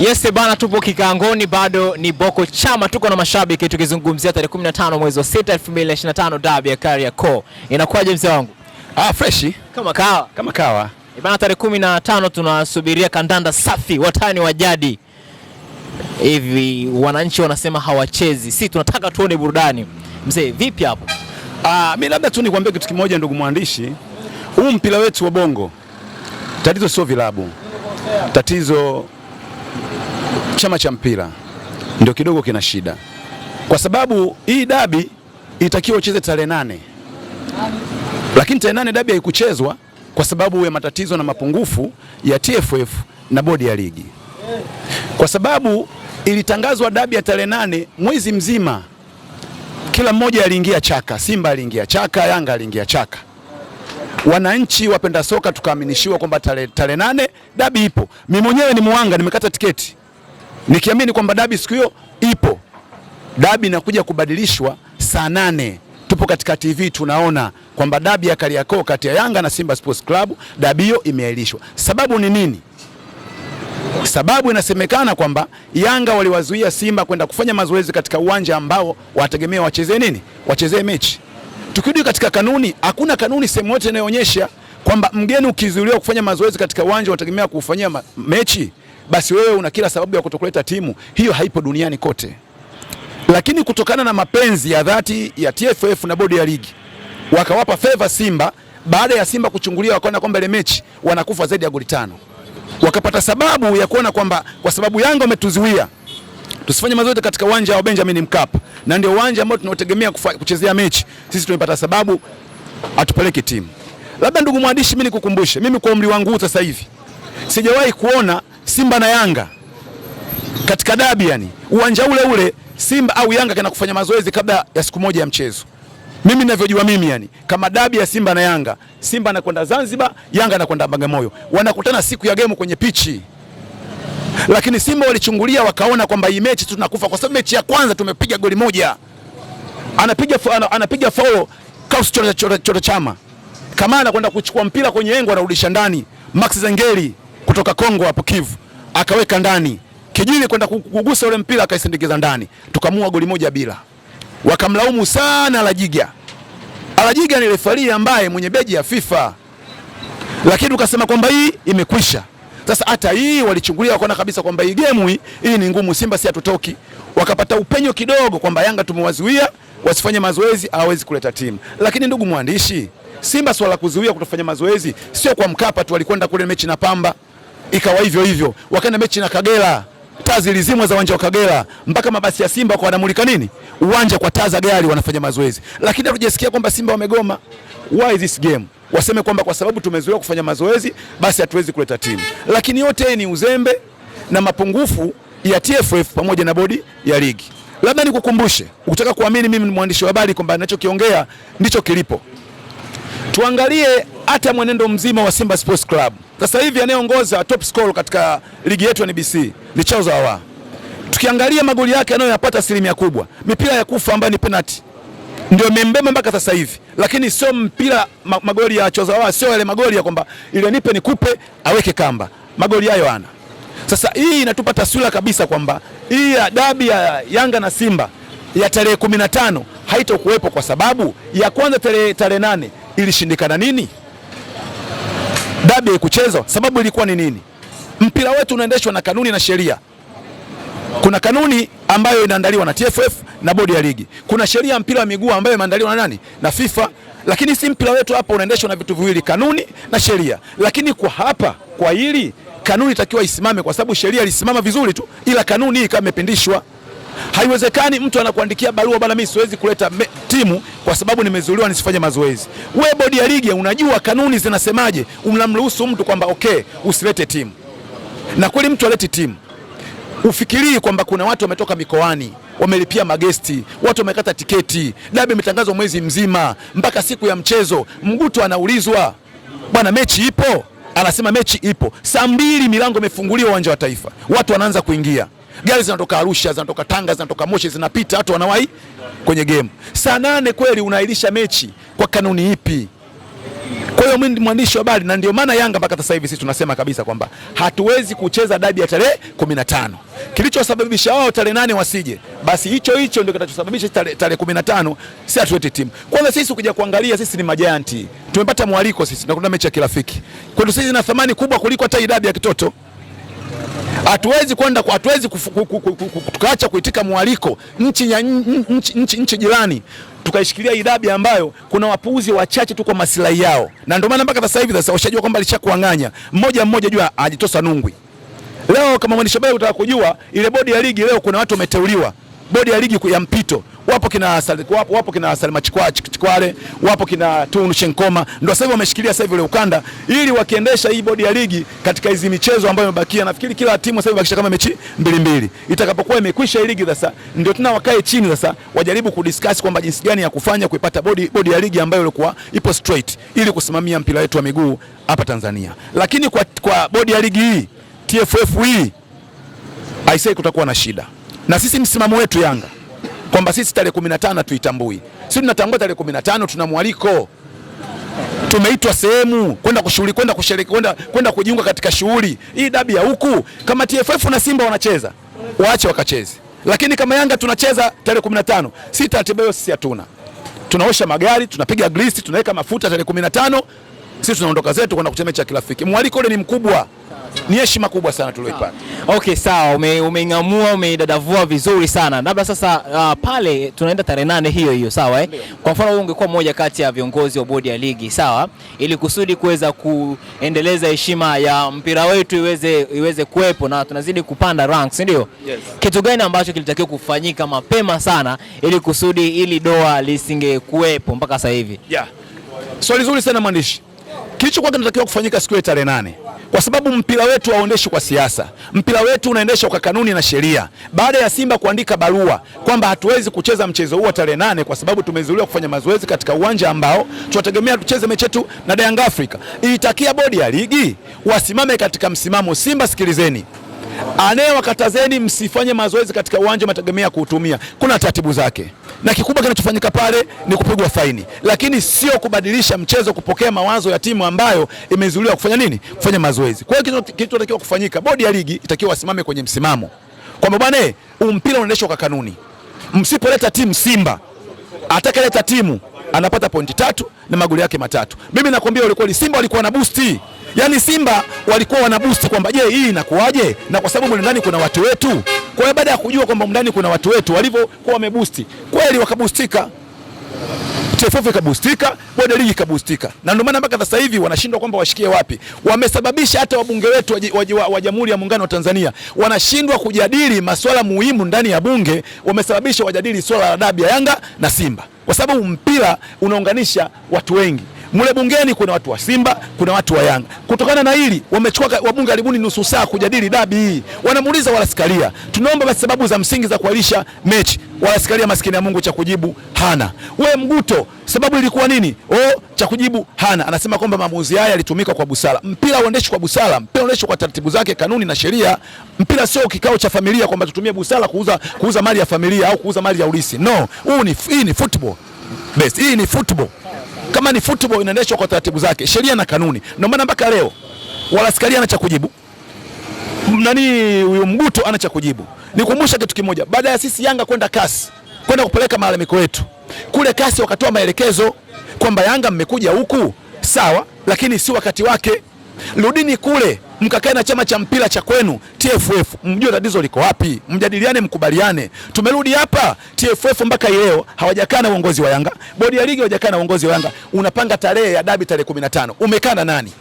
Yes bana, tupo kikangoni, bado ni Boko Chama, tuko na mashabiki tukizungumzia tarehe 15 mwezi wa 6 2025, dabi ya Kariakoo. Inakuwaje mzee wangu? Ah, fresh kama kawa, kama kawa eh, bana. Tarehe 15 tunasubiria kandanda safi, watani wa jadi hivi. Wananchi wanasema hawachezi, si tunataka tuone burudani. Mzee vipi hapo? Ah, mimi labda tu nikwambie kitu kimoja, ndugu mwandishi, huu mpira wetu wa Bongo, tatizo sio vilabu, tatizo chama cha mpira ndio kidogo kina shida, kwa sababu hii dabi itakiwa ucheze tarehe nane, lakini tarehe nane dabi haikuchezwa kwa sababu ya matatizo na mapungufu ya TFF na bodi ya ligi, kwa sababu ilitangazwa dabi ya tarehe nane mwezi mzima, kila mmoja aliingia chaka. Simba aliingia chaka, Yanga aliingia chaka wananchi wapenda soka tukaaminishiwa kwamba tarehe tare nane dabi ipo. Mimi mwenyewe ni muanga, nimekata tiketi nikiamini kwamba dabi siku hiyo ipo. Dabi inakuja kubadilishwa saa nane tupo katika TV tunaona kwamba dabi ya Kariakoo kati ya Yanga na Simba Sports Club, dabi hiyo imeahirishwa. Sababu ni nini? Sababu inasemekana kwamba Yanga waliwazuia Simba kwenda kufanya mazoezi katika uwanja ambao wategemea wachezee nini, wachezee mechi. Tukirudi katika kanuni, hakuna kanuni sehemu yote inayoonyesha kwamba mgeni ukizuiliwa kufanya mazoezi katika uwanja unategemea kufanyia mechi, basi wewe una kila sababu ya kutokuleta timu. Hiyo haipo duniani kote, lakini kutokana na mapenzi ya dhati ya TFF na bodi ya ligi wakawapa feva Simba. Baada ya Simba kuchungulia, wakaona kwamba ile mechi wanakufa zaidi ya goli tano, wakapata sababu ya kuona kwamba kwa sababu Yanga wametuzuia Tusifanye mazoezi katika uwanja wa Benjamin Mkapa, na ndio uwanja ambao tunaotegemea kuchezea mechi. Sisi tumepata sababu atupeleke timu. Labda ndugu mwandishi, mimi nikukumbushe, mimi kwa umri wangu sasa hivi sijawahi kuona Simba na Yanga katika dabi, yani uwanja ule ule Simba au Yanga kana kufanya mazoezi kabla ya siku moja ya mchezo. Mimi ninavyojua mimi, yani kama dabi ya Simba na Yanga, Simba anakwenda Zanzibar, Yanga anakwenda Bagamoyo, wanakutana siku ya gemu kwenye pichi lakini Simba walichungulia wakaona kwamba hii mechi tunakufa, kwa sababu mechi ya kwanza tumepiga goli moja, anapiga anapiga faulo Kaus chora, chora, chora Chama, kama anakwenda kuchukua mpira kwenye engo, anarudisha ndani. Max Zengeli kutoka Kongo hapo Kivu akaweka ndani, Kijili kwenda kugusa ule mpira akaisindikiza ndani, tukamua goli moja bila. Wakamlaumu sana Alajiga. Alajiga ni refari ambaye mwenye beji ya FIFA, lakini ukasema kwamba hii imekwisha. Sasa hata hii walichungulia, wakaona kabisa kwamba hii game hii, hii ni ngumu, Simba si hatutoki. Wakapata upenyo kidogo kwamba Yanga tumewazuia wasifanye mazoezi, hawezi kuleta timu. Lakini ndugu mwandishi, Simba swala kuzuia kutofanya mazoezi sio kwa Mkapa tu, walikwenda kule mechi na Pamba ikawa hivyo hivyo, wakaenda mechi na Kagera taa zilizimwa za uwanja wa Kagera, mpaka mabasi ya Simba kwa wanamulika nini uwanja kwa taa za gari, wanafanya mazoezi, lakini hatujasikia kwamba Simba wamegoma. Why this game? waseme kwamba kwa sababu tumezoea kufanya mazoezi basi hatuwezi kuleta timu, lakini yote ni uzembe na mapungufu ya TFF pamoja na bodi ya ligi. Labda nikukumbushe, ukitaka kuamini mimi ni mwandishi wa habari kwamba ninachokiongea ndicho kilipo. Tuangalie hata mwenendo mzima wa Simba Sports Club. Sasa hivi anayeongoza top scorer katika ligi yetu ya NBC ni Charles Ahoua. Tukiangalia magoli yake anayoyapata asilimia kubwa, mipira ya kufa ambayo ni penalty ndio mimbema mpaka sasa hivi, lakini sio mpira magoli ya Chozawa, sio yale magoli ya kwamba ile nipe nikupe aweke kamba, magoli hayo ana. Sasa hii inatupa taswira kabisa kwamba hii ya dabi ya Yanga na Simba ya tarehe kumi na tano haitokuwepo kwa sababu ya kwanza, tarehe tarehe nane ilishindikana nini? Dabi haikuchezwa, sababu ilikuwa ni nini? Mpira wetu unaendeshwa na kanuni na sheria. Kuna kanuni ambayo inaandaliwa na TFF na bodi ya ligi, kuna sheria ya mpira wa miguu ambayo imeandaliwa na nani na FIFA, lakini si mpira wetu hapa unaendeshwa na vitu viwili, kanuni na sheria. Lakini kwa hapa kwa hili kanuni itakiwa isimame, kwa sababu sheria ilisimama vizuri tu, ila kanuni hii kama imepindishwa. Haiwezekani mtu anakuandikia barua bana, mimi siwezi kuleta me, timu kwa sababu nimezuiliwa nisifanye mazoezi. We bodi ya ligi unajua kanuni zinasemaje, unamruhusu mtu kwamba okay usilete timu na kweli mtu alete timu Ufikirii kwamba kuna watu wametoka mikoani wamelipia magesti, watu wamekata tiketi, dabi imetangazwa mwezi mzima mpaka siku ya mchezo. Mguto anaulizwa bwana, mechi ipo? Anasema mechi ipo. Saa mbili milango imefunguliwa uwanja wa Taifa, watu wanaanza kuingia, gari zinatoka Arusha, zinatoka Tanga, zinatoka Moshi, zinapita, watu wanawahi kwenye gemu. Saa nane kweli unaahirisha mechi kwa kanuni ipi? Kwa hiyo mimi mwandishi wa habari, na ndio maana Yanga mpaka sasa hivi sisi tunasema kabisa kwamba hatuwezi kucheza dabi ya tarehe 15. Kilichosababisha wao tarehe nane wasije, basi hicho hicho ndio kinachosababisha tarehe 15 si hatuweti timu. Kwanza sisi ukija kuangalia, sisi ni majanti, tumepata mwaliko sisi na kuna mechi ya kirafiki kwetu sisi na thamani kubwa kuliko hata dabi ya kitoto hatuwezi kwenda hatuwezi tukaacha kuitika mwaliko nchi, nchi, nchi, nchi jirani tukaishikilia hii dabi ambayo kuna wapuuzi wachache tu kwa maslahi yao, na ndio maana mpaka sasa hivi sasa washajua kwamba alishakuang'anya mmoja mmoja, jua ajitosa nungwi. Leo kama mwandishi habari utaka kujua ile bodi ya ligi leo, kuna watu wameteuliwa bodi ya ligi ya mpito wapo kina wapo, wapo kina Salma Chikwale, wapo kina Tunu Shenkoma, ndio sasa hivi wameshikilia sasa hivi ile ukanda, ili wakiendesha hii bodi ya ligi katika hizi michezo ambayo imebakia. Nafikiri kila timu sasa hivi bakisha kama mechi mbili mbili, itakapokuwa imekwisha hii ligi sasa ndio tuna wakae chini sasa wajaribu kudiscuss kwamba jinsi gani ya kufanya kuipata bodi, bodi ya ligi ambayo ilikuwa ipo straight ili kusimamia mpira wetu wa miguu hapa Tanzania, lakini kwa, kwa bodi ya ligi hii TFF hii aisee, kutakuwa na shida na sisi msimamo wetu Yanga kwamba sisi tarehe 15 tuitambui. Sisi tunatambua tarehe 15, tuna mwaliko, tumeitwa sehemu kwenda kushughuli, kwenda kushiriki, kwenda kwenda kujiunga katika shughuli hii. Dabi ya huku kama TFF na Simba wanacheza, waache wakacheze, lakini kama Yanga tunacheza tarehe 15, si taratibu hiyo sisi hatuna. Tunaosha magari, tunapiga grisi, tunaweka mafuta tarehe 15 sisi tunaondoka zetu kwenda kuchama cha kirafiki. Mwaliko ule ni mkubwa, ni heshima kubwa sana tulioipata. Okay, sawa, umeing'amua ume umeidadavua vizuri sana. Labda sasa uh, pale tunaenda tarehe nane hiyo hiyo, sawa eh? Kwa mfano wewe ungekuwa mmoja kati ya viongozi wa bodi ya ligi, sawa, ili kusudi kuweza kuendeleza heshima ya mpira wetu iweze iweze kuwepo na tunazidi kupanda ranks, ndio? Yes. Kitu gani ambacho kilitakiwa kufanyika mapema sana ili kusudi ili doa lisingekuwepo mpaka sasa hivi? Yeah. Swali so, zuri sana mwandishi Kilichokuwa kinatakiwa kufanyika siku ya tarehe nane, kwa sababu mpira wetu hauendeshi kwa siasa, mpira wetu unaendeshwa kwa kanuni na sheria. Baada ya Simba kuandika barua kwamba hatuwezi kucheza mchezo huo tarehe nane kwa sababu tumezuiliwa kufanya mazoezi katika uwanja ambao tunategemea tucheze mechi yetu na Yanga Africa, ilitakia bodi ya ligi wasimame katika msimamo. Simba, sikilizeni anayewakatazeni msifanye mazoezi katika uwanja mategemea kuutumia, kuna taratibu zake na kikubwa kinachofanyika pale ni kupigwa faini, lakini sio kubadilisha mchezo, kupokea mawazo ya timu ambayo imezuiliwa kufanya nini, kufanya mazoezi. Kwa hiyo kilichotakiwa kufanyika, bodi ya ligi itakiwa wasimame kwenye msimamo kwamba bwana, eh, huu mpira unaendeshwa kwa kanuni. Msipoleta timu Simba, atakaleta timu anapata pointi tatu na magoli yake matatu. Mimi nakwambia ni Simba walikuwa na boost. yaani Simba walikuwa wana boost kwamba je, hii inakuwaje? Na kwa sababu ndani kuna watu wetu kwa hiyo baada ya kujua kwamba ndani kuna watu wetu walivyokuwa wamebusti kweli, wakabustika TFF ikabustika, bodi ligi ikabustika, na ndio maana mpaka sasa hivi wanashindwa kwamba washikie wapi. Wamesababisha hata wabunge wetu wa Jamhuri ya Muungano wa Tanzania wanashindwa kujadili masuala muhimu ndani ya Bunge, wamesababisha wajadili swala la dabi ya Yanga na Simba, kwa sababu mpira unaunganisha watu wengi. Mule bungeni kuna watu wa Simba, kuna watu wa Yanga. Kutokana na hili wamechukua wabunge karibuni nusu saa kujadili dabi hii, wanamuuliza Walaskaria, tunaomba basi sababu za msingi za kuahirisha mechi. Walaskaria maskini ya Mungu cha kujibu hana. We Mguto, sababu ilikuwa nini? Oh, cha kujibu hana. Anasema kwamba maamuzi haya yalitumika kwa busara. Mpira uendeshwe kwa busara, mpira uendeshwe kwa taratibu zake, kanuni na sheria. Mpira sio kikao cha familia kwamba tutumie busara kuuza kuuza mali ya familia au kuuza mali ya ulisi. No, huu ni hii ni football. Best, hii ni football. Kama ni football inaendeshwa kwa taratibu zake, sheria na kanuni. Ndio maana mpaka leo askari ana cha kujibu nani huyo Mguto ana cha kujibu. Nikumbusha kitu kimoja, baada ya sisi Yanga kwenda kasi kwenda kupeleka malalamiko yetu kule kasi, wakatoa maelekezo kwamba Yanga mmekuja huku sawa, lakini si wakati wake, rudini kule mkakae na chama cha mpira cha kwenu TFF, mjue tatizo liko wapi, mjadiliane, mkubaliane. Tumerudi hapa TFF mpaka leo hawajakaa na uongozi wa Yanga, bodi ya ligi hawajakaa na uongozi wa Yanga. Unapanga tarehe ya dabi tarehe 15, umekaa na nani?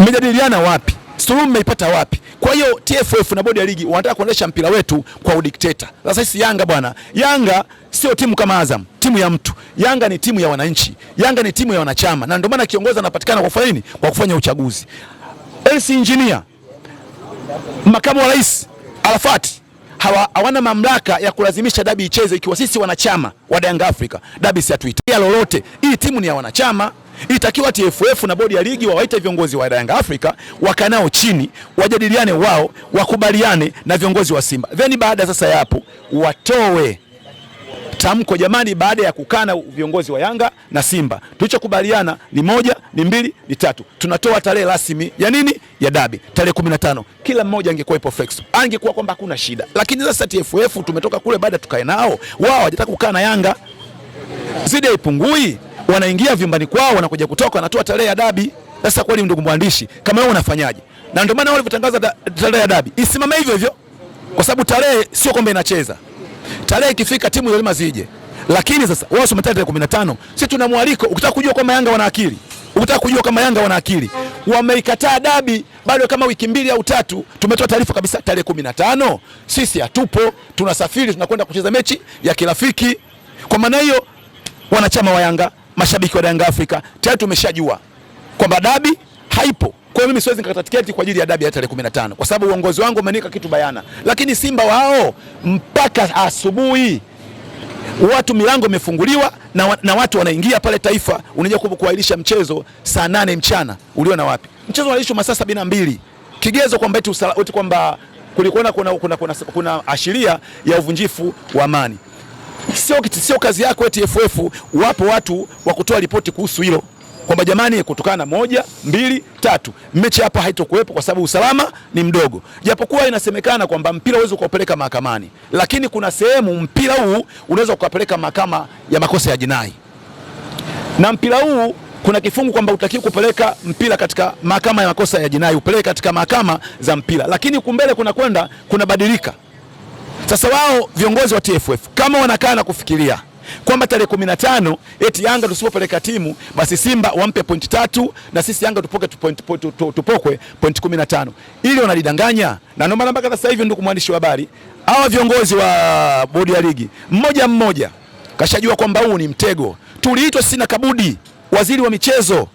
Mmejadiliana wapi? Suluhu mmeipata wapi? Kwa hiyo TFF na bodi ya ligi wanataka kuendesha mpira wetu kwa udikteta. Sasa sisi Yanga bwana, Yanga sio timu kama Azam, timu ya mtu. Yanga ni timu ya wananchi, Yanga ni timu ya wanachama, na ndio maana kiongozi anapatikana kwa kufanya nini? Kwa kufanya uchaguzi lc Engineer, makamu wa rais Arafati hawana mamlaka ya kulazimisha dabi icheze, ikiwa sisi wanachama wa Yanga Africa dabi si atuitia lolote. Hii timu ni ya wanachama, itakiwa TFF na bodi ya ligi wawaite viongozi wa Yanga Africa wakanao chini, wajadiliane wao, wakubaliane na viongozi wa Simba, then baada sasa ya hapo watoe tamko, jamani, baada ya kukaa na viongozi wa Yanga na Simba tulichokubaliana ni moja, ni mbili, ni tatu. Tunatoa tarehe rasmi ya nini, ya dabi tarehe 15. Kila mmoja angekuwa ipo flex, angekuwa kwamba hakuna shida, lakini sasa TFF tumetoka kule, baada tukae nao wao, hawajataka kukaa na Yanga zidi haipungui, wanaingia vyumbani kwao, wanakuja kutoka, wanatoa tarehe ya dabi. Sasa kweli, ndugu mwandishi, kama wewe unafanyaje? Na ndio maana wale walivyotangaza tarehe ya dabi isimame hivyo hivyo, kwa sababu tarehe sio kwamba inacheza Tarehe ikifika timu lazima zije, lakini sasa wao wametaa tarehe 15. si tuna mwaliko, ukitaka kujua kama Yanga wana akili, ukitaka kujua kama Yanga wana akili, wameikataa dabi bado kama wiki mbili au tatu. Tumetoa taarifa kabisa, tarehe 15 sisi hatupo, tunasafiri, tunakwenda kucheza mechi ya kirafiki. Kwa maana hiyo, wanachama wa Yanga, mashabiki wa Yanga Afrika, tayari tumeshajua kwamba dabi haipo. Kwa mimi siwezi nikakata tiketi kwa ajili ya dabi ya tarehe 15 kwa sababu uongozi wangu umenika kitu bayana, lakini Simba wao mpaka asubuhi watu milango imefunguliwa na, na watu wanaingia pale Taifa. Unaja kuahirisha mchezo saa nane mchana, uliona wapi? Mchezo unaahirishwa masaa sabini na mbili kigezo kwamba eti kwamba kulikuwa kuna, kuna, kuna, kuna ashiria ya uvunjifu wa amani. Sio kazi yako eti FF, wapo watu wa kutoa ripoti kuhusu hilo kwamba jamani, kutokana na moja mbili tatu, mechi hapa haitokuwepo kwa sababu usalama ni mdogo, japokuwa inasemekana kwamba mpira huwezi ukaupeleka mahakamani, lakini kuna sehemu mpira huu unaweza ukapeleka mahakama ya makosa ya jinai, na mpira huu kuna kifungu kwamba utakiwa kupeleka mpira katika mahakama ya makosa ya jinai, upeleke katika mahakama za mpira, lakini kumbele kuna kwenda kunabadilika. Sasa wao viongozi wa TFF kama wanakaa na kufikiria kwamba tarehe kumi na tano eti Yanga tusipopeleka timu basi Simba wampe pointi tatu na sisi Yanga tupoke tupokwe pointi kumi na tano ili wanalidanganya, na ndio maana mpaka sasa hivi, ndugu mwandishi wa habari, hawa viongozi wa bodi ya ligi mmoja mmoja kashajua kwamba huu ni mtego. Tuliitwa sisi na Kabudi, waziri wa michezo,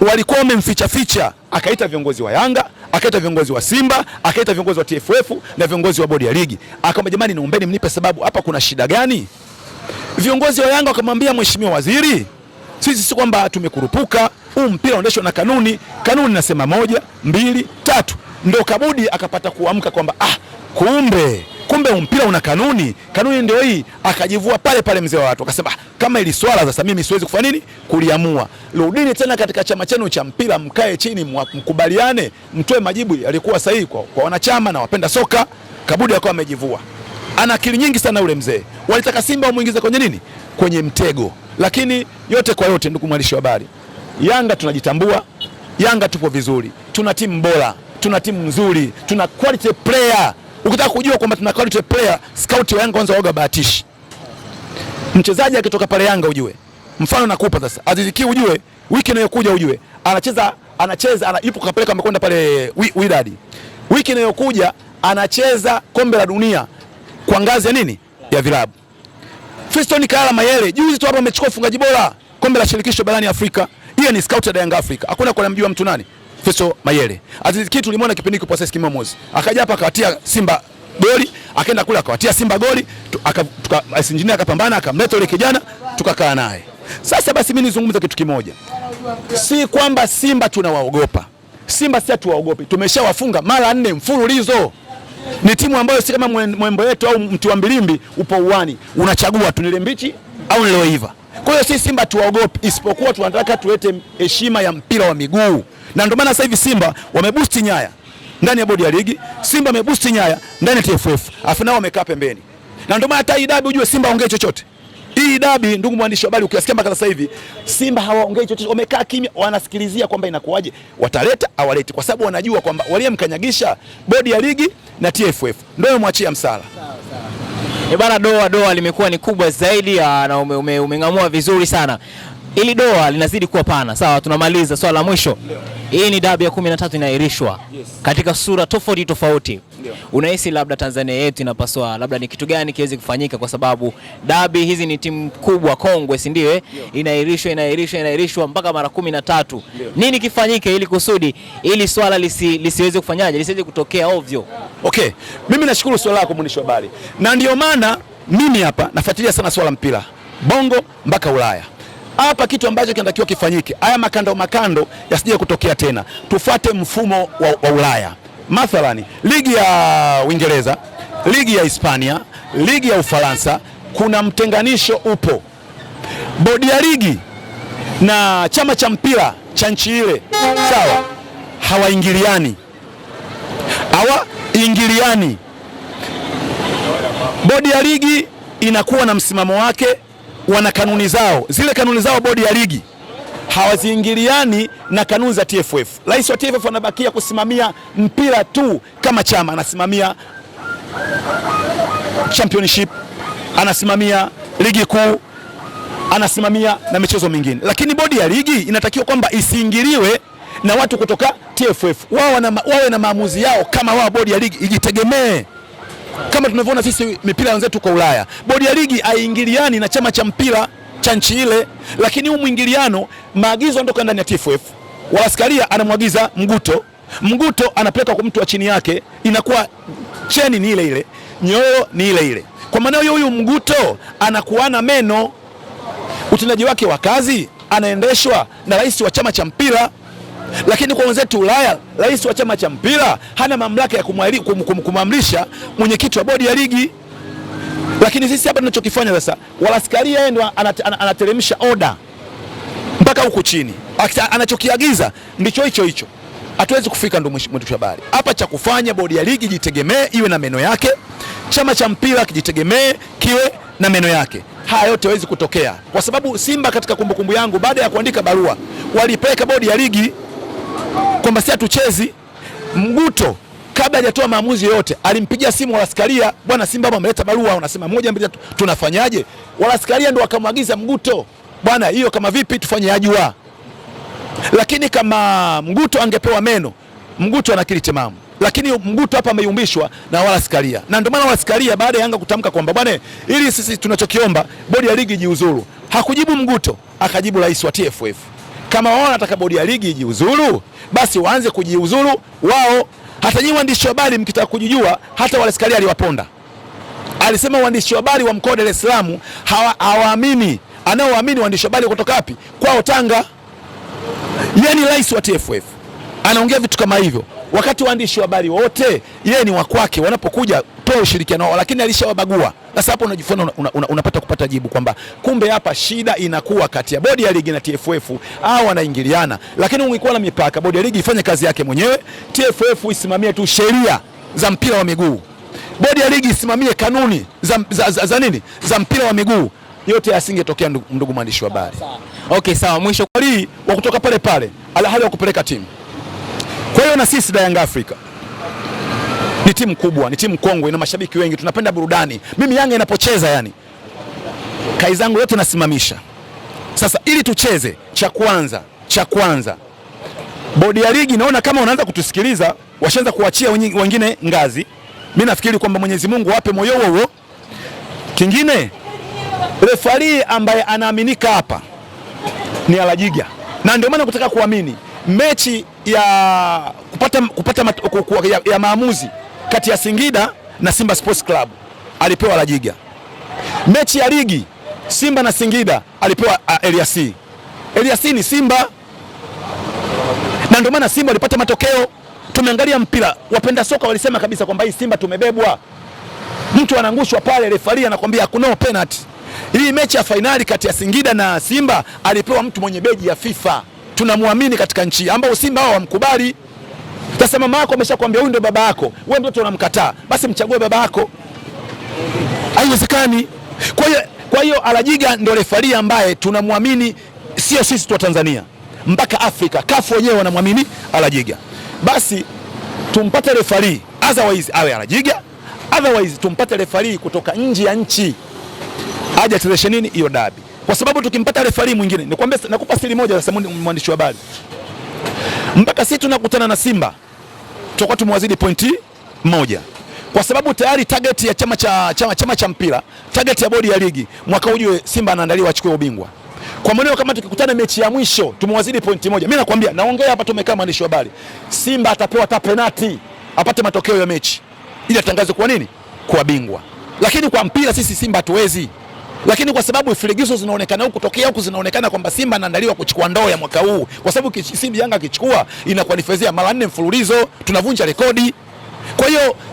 walikuwa wamemficha ficha, akaita viongozi wa Yanga akaita viongozi wa Simba akaita viongozi wa TFF na viongozi wa bodi ya ligi, akaomba jamani, niombeni mnipe sababu, hapa kuna shida gani? Viongozi wa Yanga wakamwambia mheshimiwa waziri, sisi si kwamba tumekurupuka, huu mpira unaendeshwa na kanuni. Kanuni nasema moja, mbili, tatu. Ndo Kabudi akapata kuamka kwamba ah, kumbe kumbe mpira una kanuni, kanuni ndio hii. Akajivua pale pale mzee wa watu, akasema kama ili swala sasa mimi siwezi kufanya nini kuliamua, rudini tena katika chama chenu cha mpira, mkae chini, mkubaliane, mtoe majibu yalikuwa sahihi kwa, kwa wanachama na wapenda soka. Kabudi akawa amejivua ana akili nyingi sana yule mzee. Walitaka Simba wamuingize kwenye nini? Kwenye mtego. Lakini yote kwa yote, ndugu mwandishi wa habari, Yanga tunajitambua, Yanga tupo vizuri, tuna timu bora, tuna timu nzuri, tuna quality player. Ukitaka kujua kwamba tuna quality player, scout wa Yanga kwanza waoga bahatishi. Mchezaji akitoka pale Yanga ujue, mfano nakupa sasa, Aziziki ujue, wiki inayokuja ujue anacheza anacheza ana, yupo kapeleka amekwenda pale Wydad, wiki inayokuja anacheza kombe la dunia kwa ngazi ya nini ya vilabu. Fiston Kala Mayele juzi tu hapa amechukua ufungaji bora kombe la shirikisho barani Afrika. Hiyo ni scout ya Yanga Africa. Hakuna kwa namjua mtu nani? Fiston Mayele. Aziz Ki tulimwona kipindi kipo process Kimomozi. Akaja hapa akawatia Simba goli, akaenda kule akawatia Simba goli, akasinjinia akapambana akamleta yule kijana tukakaa naye. Sasa basi mimi nizungumza kitu kimoja. Si kwamba Simba tunawaogopa. Simba si hatuwaogopi. Tumeshawafunga mara nne mfululizo. Ni timu ambayo si kama mwembo wetu au mti wa mbilimbi upo uwani, unachagua tu nile mbichi au niloiva. Kwa hiyo si Simba tuwaogopi, isipokuwa tunataka tuwete heshima ya mpira wa miguu, na ndio maana sasa hivi Simba wamebusti nyaya ndani ya bodi ya ligi, Simba amebusti nyaya ndani ya TFF, afu nao wamekaa pembeni, na ndio maana hata idabi ujue Simba ongee chochote hii dabi, ndugu mwandishi wa habari, ukiwasikia mpaka sasa hivi Simba hawaongei chochote, wamekaa kimya, wanasikilizia kwamba inakuwaje, wataleta awaleti, kwa sababu wanajua kwamba waliyemkanyagisha bodi ya ligi na TFF ndio wamemwachia msala. E bana, doa doa limekuwa ni kubwa zaidi ah, na ume, umeng'amua vizuri sana ili doa linazidi kuwa pana. Sawa, tunamaliza swala la mwisho. Hii ni dabi ya 13 inaahirishwa katika sura tofauti tofauti unahisi labda Tanzania yetu inapaswa labda ni kitu gani kiweze kufanyika, kwa sababu dabi hizi ni timu kubwa kongwe, si ndio? Eh? Inairishwa, inairishwa, inairishwa mpaka mara kumi na tatu. Nini kifanyike ili kusudi ili swala lisi, lisiweze kufanyaje lisiweze kutokea ovyo? Okay, mimi nashukuru swala lako mwandishi wa habari, na ndio maana mimi hapa nafuatilia sana swala mpira bongo mpaka Ulaya hapa kitu ambacho kinatakiwa kifanyike, haya makando makando yasije kutokea tena. Tufuate mfumo wa, wa Ulaya mathalani ligi ya Uingereza, ligi ya Hispania, ligi ya Ufaransa, kuna mtenganisho upo. Bodi ya ligi na chama cha mpira cha nchi ile, sawa, hawaingiliani, hawaingiliani. Bodi ya ligi inakuwa na msimamo wake, wana kanuni zao, zile kanuni zao bodi ya ligi hawaziingiliani na kanuni za TFF. Rais wa TFF anabakia kusimamia mpira tu kama chama, anasimamia championship, anasimamia ligi kuu, anasimamia na michezo mingine, lakini bodi ya ligi inatakiwa kwamba isiingiliwe na watu kutoka TFF. Wao wawe na maamuzi yao kama wao, bodi ya ligi ijitegemee kama tunavyoona sisi mipira wenzetu kwa Ulaya. Bodi ya ligi haiingiliani na chama cha mpira cha nchi ile, lakini huu mwingiliano, maagizo anatoka ndani ya TFF. Waaskaria anamwagiza Mguto, Mguto anapeleka kwa mtu wa chini yake, inakuwa cheni ni ile ile, nyoyo ni ile ile. Kwa maana hiyo huyu Mguto anakuana meno, utendaji wake wa kazi anaendeshwa na rais wa chama cha mpira lakini kwa wenzetu Ulaya, rais wa chama cha mpira hana mamlaka ya kumwamrisha mwenyekiti wa bodi ya ligi. Lakini sisi hapa tunachokifanya sasa, walaskari yeye ndo anateremsha oda mpaka huku chini, anachokiagiza ndicho hicho hicho. Hatuwezi kufika, ndo wa habari. Hapa cha kufanya, bodi ya ligi jitegemee, iwe na meno yake, chama cha mpira kijitegemee, kiwe na meno yake. Haya yote hawezi kutokea kwa sababu Simba katika kumbukumbu yangu, baada ya kuandika barua, walipeleka bodi ya ligi kwamba si hatuchezi mguto kabla hajatoa maamuzi yoyote, alimpiga simu Walaskaria, bwana Simba ameleta barua, unasema moja mbili tunafanyaje? Walaskaria ndo wakamwagiza Mguto, bwana hiyo kama vipi tufanye ajua. Lakini kama Mguto angepewa meno, Mguto anakili timamu lakini Mguto hapa ameyumbishwa na Walaskaria, na ndio maana Walaskaria baada ya Yanga kutamka kwamba bwana, ili sisi tunachokiomba bodi ya ligi jiuzuru, hakujibu Mguto, akajibu rais wa TFF. Kama wao wanataka bodi ya ligi ijiuzuru, basi waanze kujiuzuru wao hata nyinyi waandishi wa habari mkitaka kujijua, hata wale askari aliwaponda, alisema waandishi wa habari wa mkoa wa Dar es Salaam hawaamini, anaowaamini waandishi wa habari kutoka wapi? Kwao Tanga. Yeye ni rais wa TFF anaongea vitu kama hivyo, wakati waandishi wa habari wote yeye ni wakwake, wanapokuja watoe ushirikiano wao, lakini alishawabagua. Sasa hapo unajifunza unapata una, una kupata jibu kwamba kumbe hapa shida inakuwa kati ya bodi ya ligi na TFF au wanaingiliana, lakini ungekuwa na mipaka, bodi ya ligi ifanye kazi yake mwenyewe, TFF isimamie tu sheria za mpira wa miguu, bodi ya ligi isimamie kanuni za, za, za, za nini za mpira wa miguu yote asingetokea ndugu mwandishi wa habari. Okay, sawa. Mwisho wa kutoka pale pale, alahali wa kupeleka timu. Kwa hiyo na sisi da Africa ni timu kubwa, ni timu kongwe, ina mashabiki wengi, tunapenda burudani. Mimi Yanga inapocheza yani kazi zangu yote nasimamisha. Sasa ili tucheze, cha kwanza cha kwanza, bodi ya ligi naona kama wanaanza kutusikiliza, washaanza kuachia wengine ngazi. Mi nafikiri kwamba Mwenyezi Mungu wape moyo huo. Kingine, refari ambaye anaaminika hapa ni Alajiga, na ndio maana kutaka kuamini mechi ya kupata, kupata mat, ku, ku, ya, ya maamuzi kati ya Singida na Simba Sports Club alipewa Jiga. Mechi ya ligi Simba na Singida alipewa uh, Elias. Elias ni Simba, na ndio maana Simba walipata matokeo. Tumeangalia mpira, wapenda soka walisema kabisa kwamba hii Simba tumebebwa. Mtu anaangushwa pale, refari anakwambia hakuna penalty. Hii mechi ya fainali kati ya Singida na Simba alipewa mtu mwenye beji ya FIFA, tunamwamini katika nchi ambao Simba hao wamkubali. Sasa mama yako ameshakwambia huyu ndio baba yako, wewe mtoto unamkataa, basi mchague baba yako. Haiwezekani. Kwa hiyo kwa hiyo Alajiga ndio refari ambaye tunamwamini, sio sisi tu wa Tanzania, mpaka Afrika kafu wenyewe wanamwamini Alajiga. Basi tumpate refari, otherwise awe Alajiga, otherwise tumpate refari kutoka nje ya nchi aje achezeshe nini hiyo dabi, kwa sababu tukimpata refari mwingine, nikwambia, nakupa siri moja, sasa mwandishi wa habari mpaka sisi tunakutana na Simba tutakuwa tumewazidi pointi moja kwa sababu tayari target ya chama cha, chama, chama cha mpira target ya bodi ya ligi mwaka ujue Simba anaandaliwa achukue ubingwa. Kwa maneno kama tukikutana mechi ya mwisho tumewazidi pointi moja, mimi nakwambia, naongea hapa, tumekaa mwandishi wa habari, Simba atapewa hata penati apate matokeo ya mechi ili atangaze kwa nini, kwa bingwa. Lakini kwa mpira sisi Simba hatuwezi lakini kwa sababu filigizo zinaonekana huku kutokea huku zinaonekana kwamba Simba anaandaliwa kuchukua ndoo ya mwaka huu, kwa sababu Simba Yanga akichukua inakuwa ni mara nne mfululizo, tunavunja rekodi, kwa hiyo